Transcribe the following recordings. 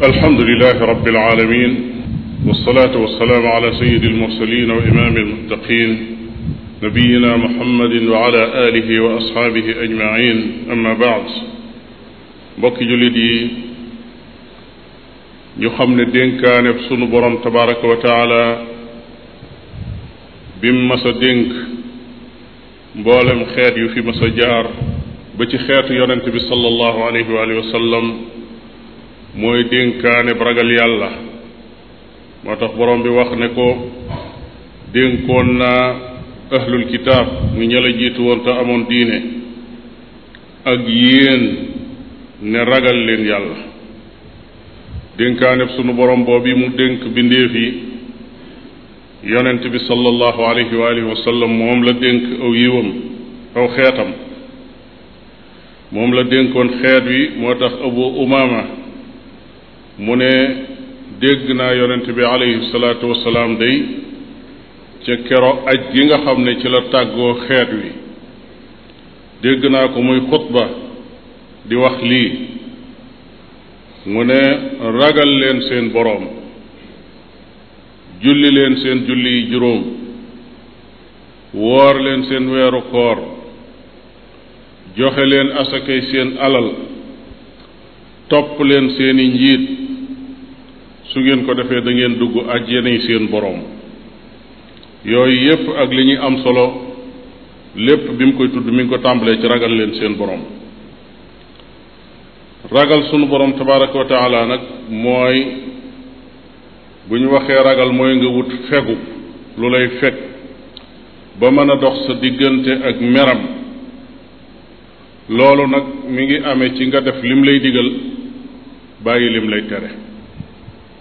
alhamdulilah rabil aalamiin wasalaatu wasalaam ala sayyidi almursaliin wa imaami almuttaqiin nabiyina muhammadin wa ala aalihi wa asxaabihi ajmaciin amma baad mbokki jullit yi ñu xam ne dénkaane sunu borom tabaraka wa taala bim mas a dénk mboolem xeet yu fi mas a jaar ba ci xeetu yonent bi sallallahu alayhi wa sallam mooy dénkaane ragal yàlla moo tax borom bi wax ne ko dénkoon naa ahlul kitaab mu ña la jiitu woon te amoon diine ak yéen ne ragal leen yàlla dénkaane sunu borom boobu mu dénk bindeef yi yonent bi sallallahu alayhi wa alihi moom la dénk aw yiwam aw xeetam moom la dénkoon xeet wi moo tax abu umaama mu ne dégg naa yonent bi alayhi salaatu wasalaam day ca kero aj gi nga xam ne ci la tàggoo xeet wi dégg naa ko muy xutba di wax lii mu ne ragal leen seen boroom julli leen seen julli yi juróom woor leen seen weeru koor joxe leen asakay seen alal topp leen seeni njiit su ngeen ko defee da ngeen dugg àjjana seen boroom yooyu yépp ak li ñuy am solo lépp bi mu koy tudd mi ngi ko tàmbalee ci ragal leen seen boroom ragal sunu boroom tabaraka wa taala nag mooy bu ñu waxee ragal mooy nga wut fegu lu lay fekk ba mën a dox sa diggante ak meram loolu nag mu ngi amee ci nga def lim lay digal bàyyi lim lay tere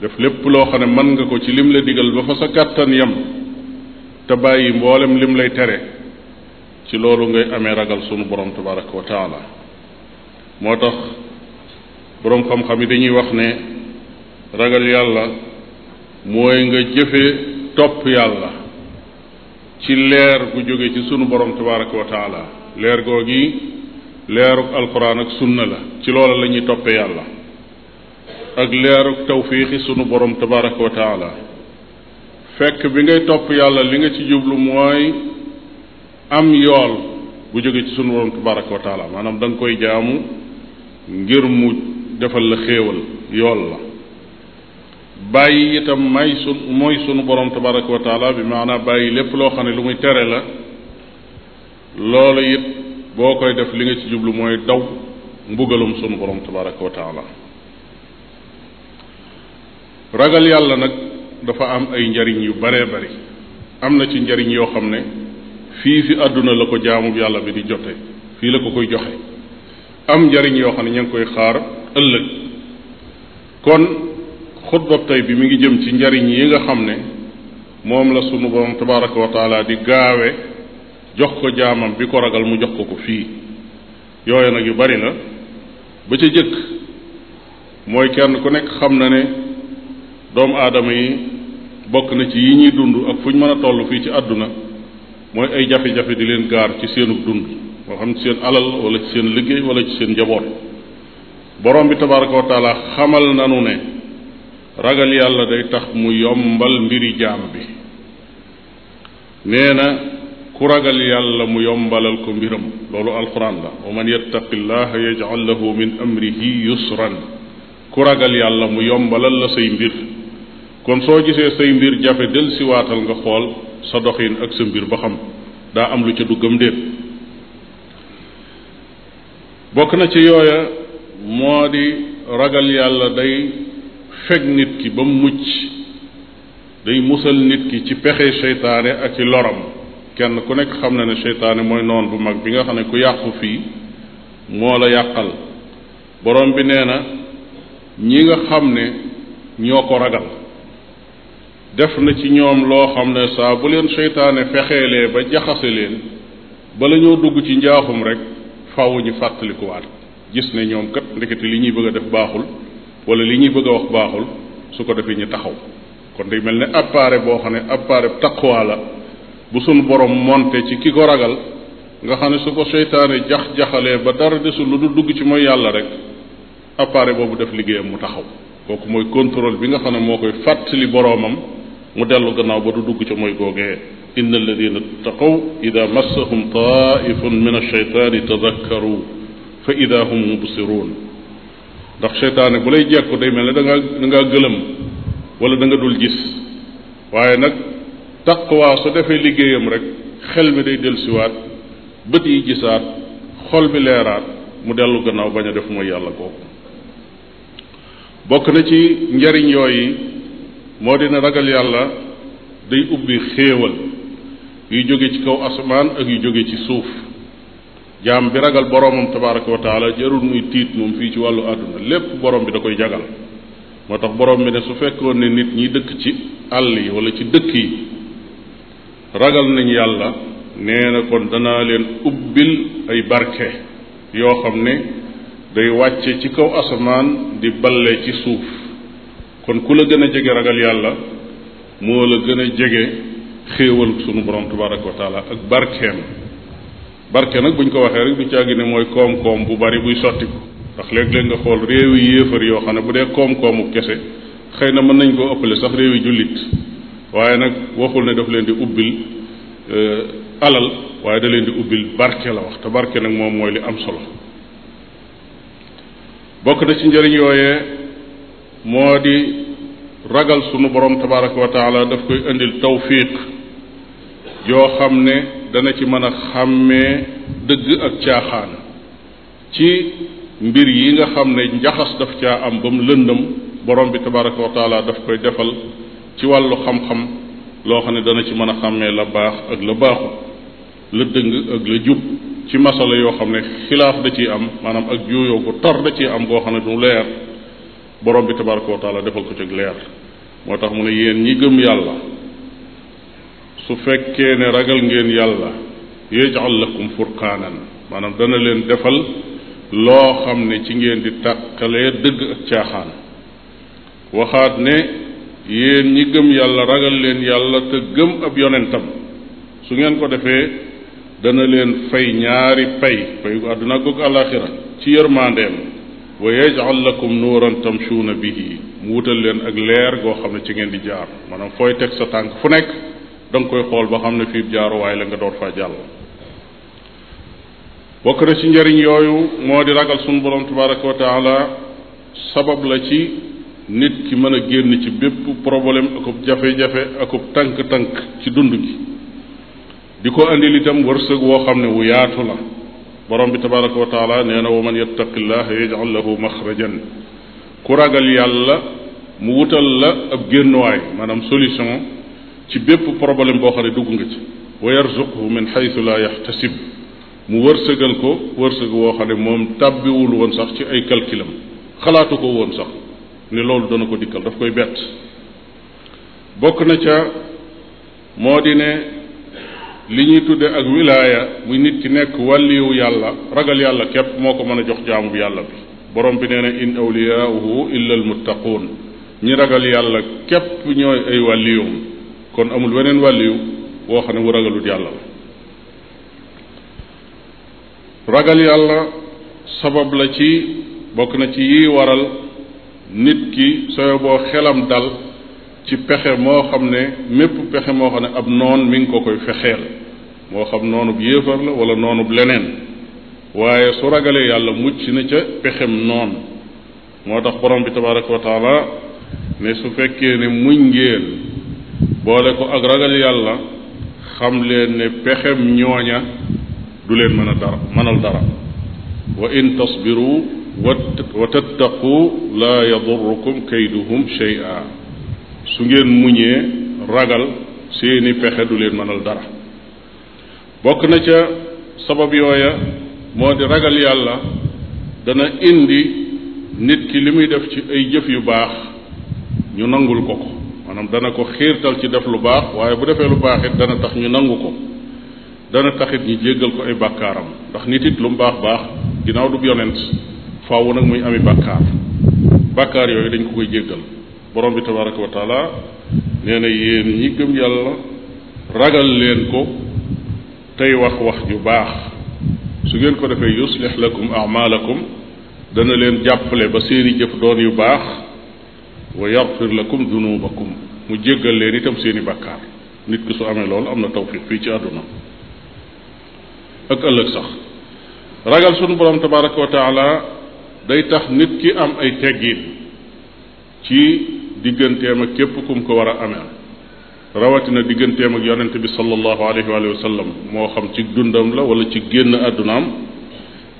def lépp loo xam ne mën nga ko ci lim la digal ba fa sa kàttan yem te bàyyi mboolem lim lay tere ci loolu ngay amee ragal sunu borom tabaraka wa taala moo tax boroom xam-xam yi dañuy wax ne ragal yàlla mooy nga jëfe topp yàlla ci leer gu jóge ci sunu borom tabaraka wa taala leer googi leeru alquran ak sunna la ci loola la ñuy toppe yàlla ak leeruk tawfiixi sunu borom tabaraka wa fekk bi ngay topp yàlla li nga ci jublu mooy am yool bu jóge ci sunu borom tabaraka wa taala maanaam da koy jaamu ngir mu defal la xéewal yool la bàyyi itam may sun mooy sunu borom tabaraka wa bi maanaa bàyyi lépp loo xam ne lu muy tere la loolu it boo koy def li nga ci jublu mooy daw mbugalum sunu borom tabaraka wa ragal yàlla nag dafa am ay njariñ yu baree bari am na ci njariñ yoo xam ne fii fi àdduna la ko jaamub yàlla bi di jote fii la ko koy joxe am njariñ yoo xam ne ña ngi koy xaar ëllëg kon xutbab tey bi mi ngi jëm ci njariñ yi nga xam ne moom la sunu borom tabaraka wa taala di gaawe jox ko jaamam bi ko ragal mu jox ko ko fii yooyu nag yu bari na ba ca jëkk mooy kenn ku nekk xam na ne doomu aadama yi bokk na ci yi ñuy dund ak fu ñu mën a toll fii ci àdduna mooy ay jafe-jafe di leen gaar ci seenu dund moo xam ci seen alal wala ci seen liggéey wala ci seen njaboot borom bi tabaraka wa taala xamal nanu ne ragal yàlla day tax mu yombal mbiri jaam bi nee na ku ragal yàlla mu yombalal ko mbiram loolu alquran la wa man yattaqi llaha yaj'al lahu min amrihi yusran ku ragal yàlla mu yombalal la say mbir kon soo gisee say mbir jafe si siwaatal nga xool sa doxin ak sa mbir ba xam daa am lu ca duggam déet bokk na ci yooya moo di ragal yàlla day feg nit ki ba mu mucc day musal nit ki ci pexe seytaane ak ci loram kenn ku nekk xam na ne seytaane mooy noon bu mag bi nga xam ne ku yàqu fii moo la yàqal borom bi nee na ñi nga xam ne ñoo ko ragal def na ci ñoom loo xam ne saa bu leen seytaane fexeelee ba jaxase leen bala ñoo dugg ci njaaxum rek faaw ñu fàttalikuwaat gis ne ñoom kat ndekete li ñuy bëgg a def baaxul wala li ñuy bëgg a wax baaxul su ko defee ñu taxaw kon day mel ne appareil boo xam ne appareil taqwa la bu suñu borom monte ci ki ko ragal nga xam ne su ko seytaane jax-jaxalee ba dara desul lu du dugg ci mooy yàlla rek appareil boobu def liggéeyam mu taxaw kooku mooy contrôle bi nga xam ne moo koy fàttali boroomam mu dellu gannaaw ba du dugg ca mooy googee inna alladina taqaw ida massahum taifun min alcheytaani tadakkaru fa ida hum mubsiruun ndax cheytaane bu lay jekku day mel ne danga danga da gëlëm wala danga dul gis waaye nag waa su defee liggéeyam rek xel mi day siwaat bët yi gisaat xol bi leeraat mu dellu gannaaw bañ a def mooy yàlla googu bokk na ci njariñ yooyu moo di ragal yàlla day ubbi xéewal yuy jóge ci kaw asamaan ak yu jóge ci suuf jaam bi ragal boroomam tabaraka wa taala jarul muy tiit moom fii ci wàllu àdduna lépp borom bi da koy jagal moo tax boroom bi ne su fekkoon ne nit ñi dëkk ci àll yi wala ci dëkk yi ragal nañ yàlla nee na kon danaa leen ubbil ay barke yoo xam ne day wàcce ci kaw asamaan di balle ci suuf kon ku la gën a jege ragal yàlla moo la gën a jege xéewal sunu borom tabaraka wa taala ak barkeem barke nag buñ ko waxee rek du caagi ne mooy koom-koom bu bari buy sotti ko ndax léeg-léeg nga xool réew yi yéefar yoo xam ne bu dee koom-koomu kese xëy na mën nañ koo ëppale sax réew jullit waaye nag waxul ne daf leen di ubbil euh, alal waaye da leen di ubbil barke la wax te barke nag moom mooy li am solo bokk na ci njëriñ yooyee moo di ragal sunu borom tabaraka wa taala daf koy indil tawfiq yoo xam ne dana ci mën a xàmmee dëgg ak caaxaan ci mbir yi nga xam ne njaxas daf caa am ba mu lëndëm borom bi tabaraka wa taala daf koy defal ci wàllu xam-xam loo xam ne dana ci mën a xàmmee la baax ak la baaxu la dëng ak la jub ci masala yoo xam ne xilaaf da ciy am maanaam ak jooyoo ko tar da ciy am boo xam ne du leer borom bi tabaraka wa taala defal ko ci leer moo tax mu ne yéen ñi gëm yàlla su fekkee ne ragal ngeen yàlla yajal lakum furqaanan maanaam dana leen defal loo xam ne ci ngeen di tàqalee dëgg ak caaxaan waxaat ne yéen ñi gëm yàlla ragal leen yàlla te gëm ab yonentam su ngeen ko defee dana leen fay ñaari pey pay gu àdduna ak ci yërmandeem wa yajal lakum nuuran bi bihi mu wutal leen ak leer goo xam ne ci ngeen di jaar maanaam fooy teg sa tànk fu nekk da koy xool ba xam ne fii jaaruwaay la nga door faa jàll bokk na ci njëriñ yooyu moo di ragal sunu borom tabaraka wa taala sabab la ci nit ki mën a génn ci bépp problème akub jafe-jafe akub tànk-tànk ci dund gi di ko andil itam wërsëg woo xam ne wu yaatu la borom bi tabaraka wa taala nee na wa man yattaqillaha yaj'al lahu maxrajan ku ragal yàlla mu wutal la ab génnuwaay maanaam solution ci bépp problème boo xam ne dugg nga ci wa yarzuqhu min xaytu laa yaxtasib mu wërsëgal ko wërsëg woo xam ne moom tàbbiwul woon sax ci ay calculam xalaatu ko woon sax ne loolu dana ko dikkal daf koy bett bokk na ca moo di ne li ñuy tudde ak wilaaya muy nit ki nekk wàlliyu yàlla ragal yàlla képp moo ko mën a jox jaamu yàlla bi borom bi nee na in awliyaahu illa almuttaquun ñi ragal yàlla képp ñooy ay wàlliyum kon amul weneen wàlliyu woo xam ne wu ragalut yàlla la ragal yàlla sabab la ci bokk na ci yi waral nit ki sooy xelam dal ci pexe moo xam ne mépp pexe moo xam ne ab noon mi ngi ko koy fexeel moo xam noonub yéefar la wala noonub leneen waaye su ragalee yàlla mucc na ca pexem noon moo tax borom bi tabaraka wa taala ne su fekkee ne muñ ngeen boole ko ak ragal yàlla xam leen ne pexem ñooña du leen mën a dara mënal dara wa in tasbiru wa tattaqu laa yadurrukum kayduhum shay'a su ngeen muñee ragal seeni pexe du leen mënal dara bokk na ca sabab yooya moo di ragal yàlla dana indi nit ki li muy def ci ay jëf yu baax ñu nangul ko ko maanaam dana ko xiirtal ci def lu baax waaye bu defee lu baax dana tax ñu nangu ko dana taxit ñu jéggal ko ay bàkkaaram ndax nit it lu mu baax baax ginnaaw du yonent faaw nag muy ami bàkkaar bàkkaar yooyu dañ ko koy jéggal borom bi tabaraka wa taala nee na yéen ñi gëm yàlla ragal leen ko tey wax wax ju baax su ngeen ko defee yuslix lakum amalakum dana leen jàppale ba seeni jëf doon yu baax wa yaxfir lakum dunubakum mu jéggal leen itam seeni bàkkaar nit ku su amee lool am na tawfiq fii ci àdduna ak ëllëg sax ragal sunu borom tabaraka wa taala day tax nit ki am ay teggin ci digganteem ak képp kum ko war a amee rawatina digganteem ak yonent bi sallallahu alayhi wa sallam moo xam ci dundam la wala ci génn àddunaam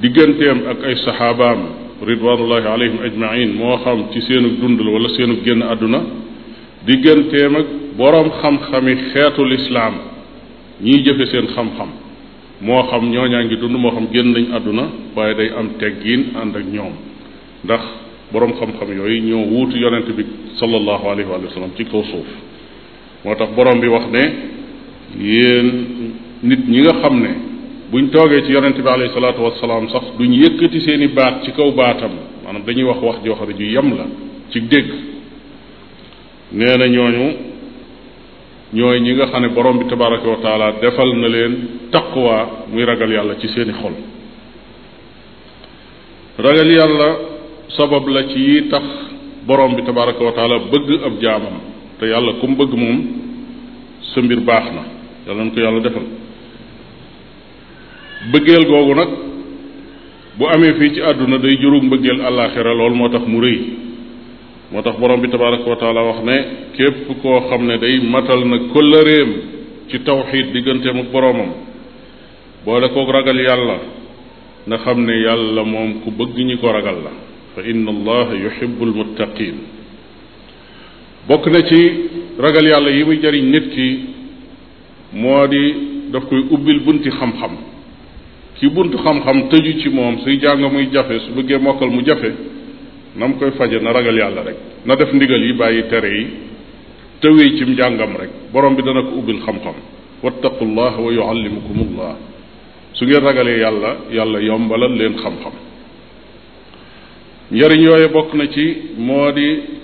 digganteem ak ay saxaabaam ridwanullahi alayhim ajmain moo xam ci seenu dund la wala seenu génn àdduna digganteem ak boroom xam-xami xeetu lislaam ñiy jëfe seen xam-xam moo xam ñaa ngi dund moo xam génn nañ àdduna waaye day am teggiin ànd ak ñoom ndax boroom xam-xam yooyu ñoo wuutu yonent bi sallallahu alayhi wa ci kaw suuf moo tax borom bi wax ne yéen nit ñi nga xam ne buñ toogee ci yonente bi alayhi salaatu wasalaam sax duñ yëkkati seeni baat ci kaw baatam maanaam dañuy wax wax joo xam ju yem la ci dégg nee na ñooñu ñooy ñi nga xam ne borom bi tabaraka wa taala defal na leen taqwa muy ragal yàlla ci seeni xol ragal yàlla sabab la ci yi tax borom bi tabaraka wa taala bëgg ab jaamam te yàlla ku bëgg moom sa mbir baax na yàlla na ko yàlla defal bëggeel googu nag bu amee fii ci àdduna day jurug mbëggeel àllaaxira loolu moo tax mu rëy moo tax boroom bi tabaraka wa taala wax ne képp koo xam ne day matal na kóllëreem ci tawxiid digganteem ak boromam boole kook ragal yàlla na xam ne yàlla moom ku bëgg ñi ko ragal la fa inna allaha yuhibbul muttaqin bokk na ci ragal yàlla yi muy jariñ nit ki moo di daf koy ubbil bunti xam-xam ki buntu xam-xam tëju ci moom suy jàng muy jafe su bëggee mokkal mu jafe na mu koy faje na ragal yàlla rek na def ndigal yi bàyyi tere yi tëwee ci njàngam rek borom bi dana ko ubbil xam-xam wattaqullah wa yuallimukumullah su ngeen ragalee yàlla yàlla yombalal leen xam-xam njariñ yooyu bokk na ci moo di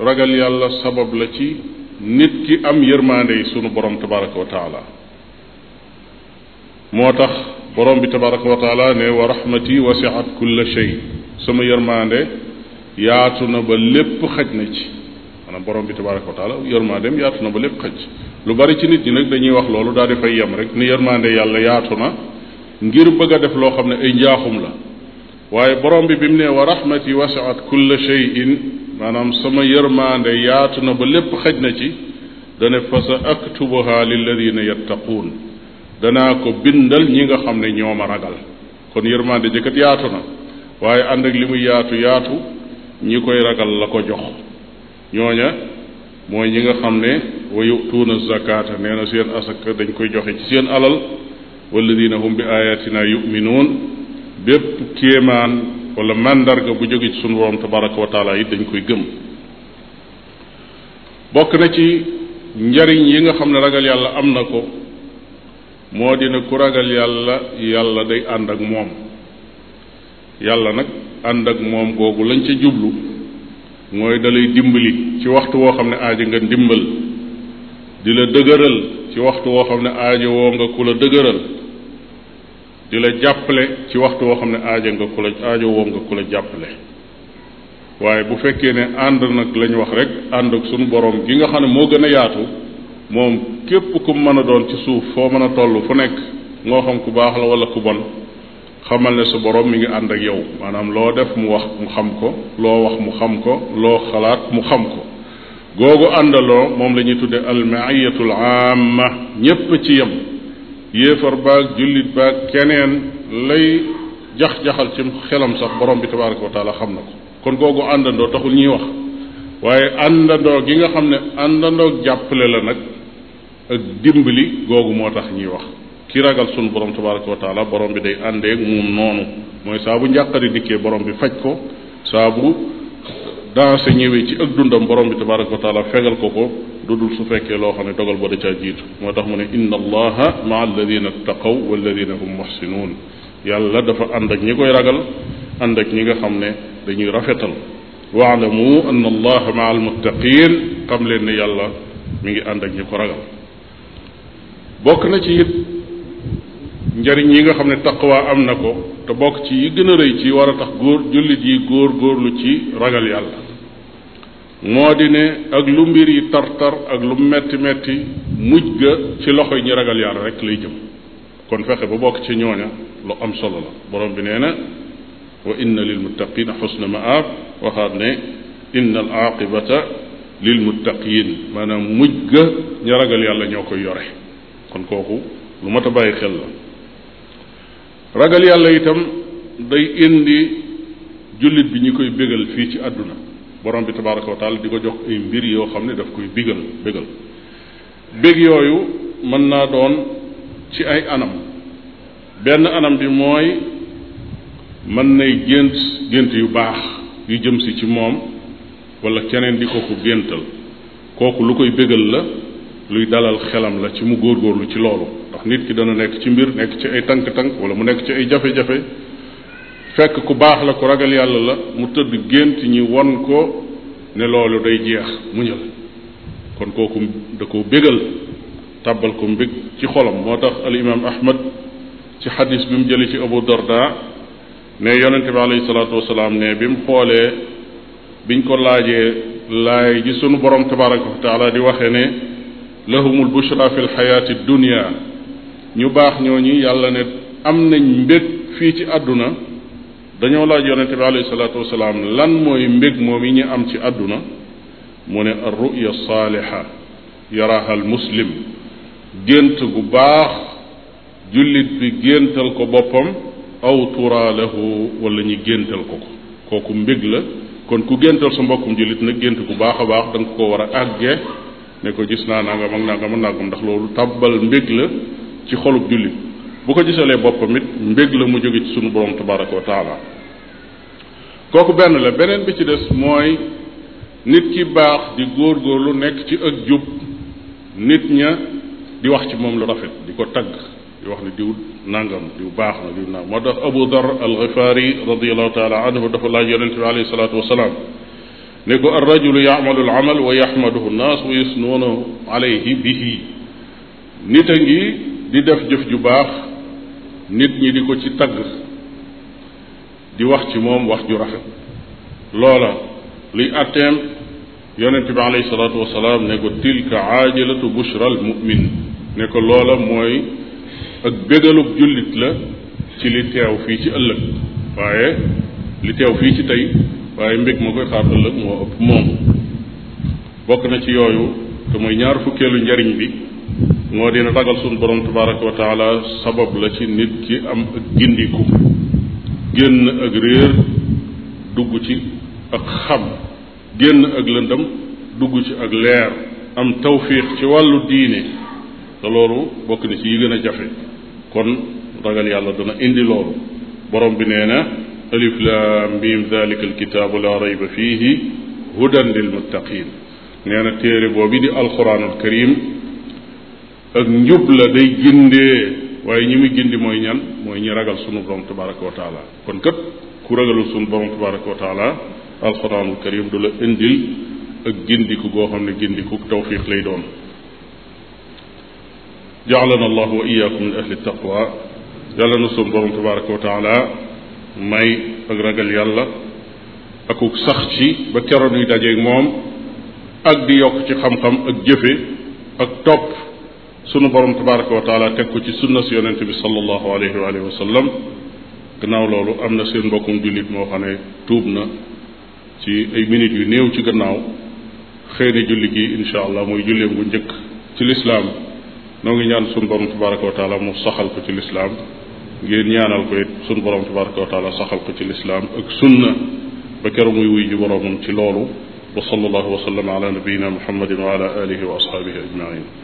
ragal yàlla sabab la ci nit ki am yërmaande yi sunu borom tabaraka wa taala moo tax borom bi tabaraka wa taala ne wa rahmati wasiat kulla shay sama yërmaande yaatu na ba lépp xaj na ci maanaam borom bi tabaraka wa taala yërmaandeem yaatu na ba lépp xaj lu bari ci nit ñi nag dañuy wax loolu daal di fay yem rek ni yërmaande yàlla yaatu na ngir bëgg def loo xam ne ay njaaxum la waaye borom bi bi mu nee wa rahmati wasiat kulla cheyin maanaam sama yërmaande yaatu na ba lépp xej na ci dane fa sa aktubuha lilladina yattaquun danaa ko bindal ñi nga xam ne ñoo ma ragal kon yërmaande jëkkat yaatu na waaye ànd ak li muy yaatu yaatu ñi koy ragal la ko jox ñooña mooy ñi nga xam ne wa yutuuna zakata nee na seen asaka dañ koy joxe ci seen alal walladina hum bi ayatina yuminuun bépp kéemaan wala màndarga bu jóge ci sunu borom tabaraka wa taala dañ koy gëm bokk na ci njariñ yi nga xam ne ragal yàlla am na ko moo dina ku ragal yàlla yàlla day ànd ak moom yàlla nag ànd ak moom googu lañ ca jublu mooy dalay dimbali ci waxtu woo xam ne aaja nga ndimbal di la dëgëral ci waxtu woo xam ne aaja woo nga ku la dëgëral di la jàppale ci waxtu woo xam ne aaja nga ku la aajo woom nga ku la jàppale waaye bu fekkee ne ànd nag lañ wax rek ànd ak sunu borom gi nga xam ne moo gën a yaatu moom képp ku mën a doon ci suuf foo mën a toll fu nekk moo xam ku baax la wala ku bon xamal ne sa borom mi ngi ànd ak yow maanaam loo def mu wax mu xam ko loo wax mu xam ko loo xalaat mu xam ko googu àndaloo moom la ñuy tudde almaiyatul amma ñépp ci yem yéefar baag jullit baag keneen lay jax-jaxal ci xelam sax borom bi tabaraka wa xam na ko kon googu àndandoo taxul ñuy wax waaye àndandoo gi nga xam ne àndandoo jàppale la nag ak dimbali googu moo tax ñuy wax ki ragal sunu borom tabaraka wa taala borom bi day àndeeg moom noonu mooy saabu bu njàqari dikkee borom bi faj ko saabu daase ñëwee ci ak dundam borom bi tabaraka wa taala fegal ko ko du dul su fekkee loo xam ne dogal ba da caa jiitu moo tax mu ne inna allaha maa alladina taqaw walladina hum muxsinuun yàlla dafa ànd ak ñi koy ragal ànd ak ñi nga xam ne dañuy rafetal waalamu anna allaha maa almuttaqin xam leen ne yàlla mi ngi ànd ak ñi ko ragal bokk na ci it njariñ yi nga xam ne waa am na ko te bokk ci yi gën a rëy ci war a tax góor jullit yi góor góorlu ci ragal yàlla moo di ne ak lu mbir yi tar-tar ak lu metti metti mujj ga ci loxo yi ñu ragal yàlla rek lay jëm kon fexe ba bokk ci ñooña lu am solo la borom bi nee na wa inna lil muttaqina xusna maab waxaat ne inna al aqibata lil muttaqin maanaam mujj ga ña ragal yàlla ñoo koy yore kon kooku lu mat a bàyyi xel la ragal yàlla itam day indi jullit bi ñu koy bégal fii ci àdduna borom bi tabaraka wa taala di ko jox ay mbir yoo xam ne daf koy bigal bégal bég yooyu mën naa doon ci ay anam benn anam bi mooy mën nay gént gént yu baax yu jëm si ci moom wala keneen di ko ko géntal kooku lu koy bégal la luy dalal xelam la ci mu góor góorlu ci loolu ndax nit ki dana nekk ci mbir nekk ci ay tànk-tànk wala mu nekk ci ay jafe-jafe fekk ku baax la ku ragal yàlla la mu tëdd gént ñi won ko ne loolu day jeex muñal kon kooku da koo bégal tàbbal ko mbég ci xolam moo tax al imaam ahmad ci xadis bi mu jëlee ci abu darda ne yonente bi alayhi salaatu wasalaam ne bi mu xoolee biñ ko laajee laay ji sunu borom tabaraka wa taala di waxe ne lahumul bushra fi lxayaati dunia ñu baax ñooñu yàlla ne am nañ mbég fii ci àdduna dañoo laaj yonente bi alayhi salaatu lan mooy mbég moom yi ñu am ci àdduna mu ne ar ruya saaliha yaraha muslim gént bu baax jullit bi géntal ko boppam aw turaa lahu wala ñu géntal ko ko kooku mbég la kon ku géntal sa mbokkum jullit nag gént bu baax a baax da nga ko war a àgge ne ko gis naa nangam ak nangam ak nangam ndax loolu tàbbal mbég la ci xolub jullit bu ko gisalee boppam it mbég la mu jóge ci sunu borom tabaraka wa taala kooku benn la beneen bi ci des mooy nit ki baax di góorgóorlu nekk ci ak jub nit ña di wax ci moom lu rafet di ko tagg di wax ne diw nangam diw baax na diw nangam moo tax Abu Dar al-Ghifari radiallahu taala anhu dafa laaj yonente bi alayhi salaatu wasalaam ne ko ar rajulu yaamalu al a ngi di def jëf ju baax nit ñi di ko ci tagg di wax ci moom wax ju rafet loola luy àtteem yonent bi alayhi salaatu wasalaam ne ko tilka aajalatu bushra al mu'min ne ko loola mooy ak bégalub jullit la ci li teew fii ci ëllëg waaye li teew fii ci tey waaye mbég ma koy xaar ëllëg moo ëpp moom bokk na ci yooyu te mooy ñaar fukkeelu njariñ bi moo dina ragal suñu borom tabaraka wa taala sabab la ci nit ki am ak gindiku génn ak réer dugg ci ak xam génn ak lëndam dugg ci ak leer am tawfiq ci wàllu diine te bokk na jafe kon ragal yàlla dana indi borom bi nee na alif laam miim dalika alkitaabu laa rayba fiihi hudan lil muttaqin nee na ak njub la day gindee waaye ñi muy gindi mooy ñan mooy ñi ragal sunu borom tabaraka wa taala kon kat ku ragalul sunu borom tabaraka wa taala alxuraanul karim du la indil ak gindiku goo xam ne gindiku tawfiq lay doon jaalana allah wa iyaakum min ahli taqwa yàlla na sunu borom tabaraka wa taala may ak ragal yàlla akuk sax ci ba keroon yu dajeeg moom ak di yokk ci xam-xam ak jëfe ak topp sunu borom tabaraka wa taala teg ko ci sunna si yonent bi sallallahu alayhi wa alihi wa sallam gannaaw loolu am na seen mbokkum jullit moo xam ne tuub na ci ay minutes yu néew ci gannaaw xëy na julli gi incha allah muy jullee bu njëkk ci lislaam noo ngi ñaan sunu borom tabaraka wa taala mu saxal ko ci lislaam ngeen ñaanal ko it borom tabaraka wa taala ko ci lislaam ak sunna ba keroog muy wuy ji boromam ci loolu wa sallallahu wa sallam ala nabiyina muhammadin wa ala alihi wa ashabihi ajmain